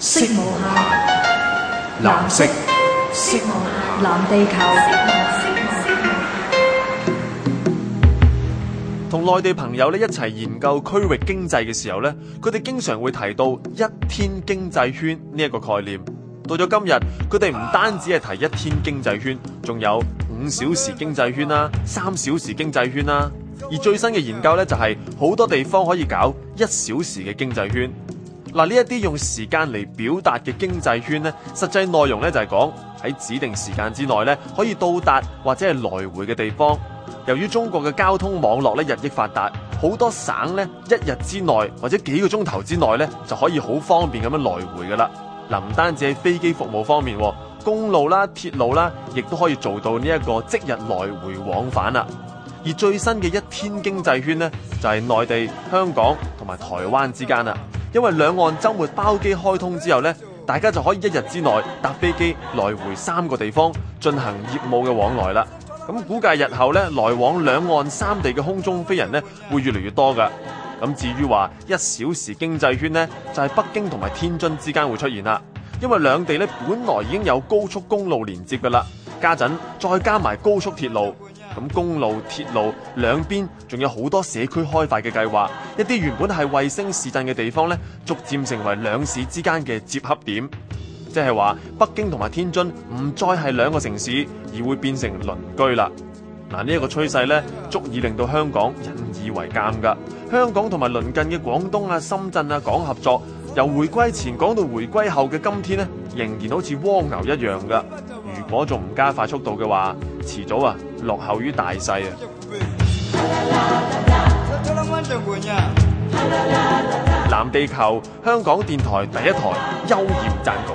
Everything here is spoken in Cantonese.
色無限，藍色，色無限，藍地球。同內地朋友咧一齊研究區域經濟嘅時候咧，佢哋經常會提到一天經濟圈呢一個概念。到咗今日，佢哋唔單止係提一天經濟圈，仲有五小時經濟圈啦、三小時經濟圈啦，而最新嘅研究咧就係好多地方可以搞一小時嘅經濟圈。嗱，呢一啲用時間嚟表達嘅經濟圈咧，實際內容咧就係講喺指定時間之內咧可以到達或者係來回嘅地方。由於中國嘅交通網絡咧日益發達，好多省咧一日之內或者幾個鐘頭之內咧就可以好方便咁樣來回噶啦。嗱，唔單止喺飛機服務方面，公路啦、鐵路啦，亦都可以做到呢一個即日來回往返啦。而最新嘅一天經濟圈咧，就係內地、香港同埋台灣之間啦。因為兩岸周末包機開通之後咧，大家就可以一日之內搭飛機來回三個地方進行業務嘅往來啦。咁估計日後咧，來往兩岸三地嘅空中飛人咧，會越嚟越多噶。咁至於話一小時經濟圈呢，就係北京同埋天津之間會出現啦。因為兩地咧，本來已經有高速公路連接噶啦，家陣再加埋高速鐵路。咁公路、鐵路兩邊仲有好多社區開發嘅計劃，一啲原本係衛星市鎮嘅地方咧，逐漸成為兩市之間嘅接合點，即係話北京同埋天津唔再係兩個城市，而會變成鄰居啦。嗱，呢一個趨勢咧，足以令到香港引以為鑑㗎。香港同埋鄰近嘅廣東啊、深圳啊講合作，由回歸前講到回歸後嘅今天咧，仍然好似蝸牛一樣㗎。如果仲唔加快速度嘅話，遲早啊，落後於大勢啊！哦、藍地球香港電台第一台邱焱撰稿。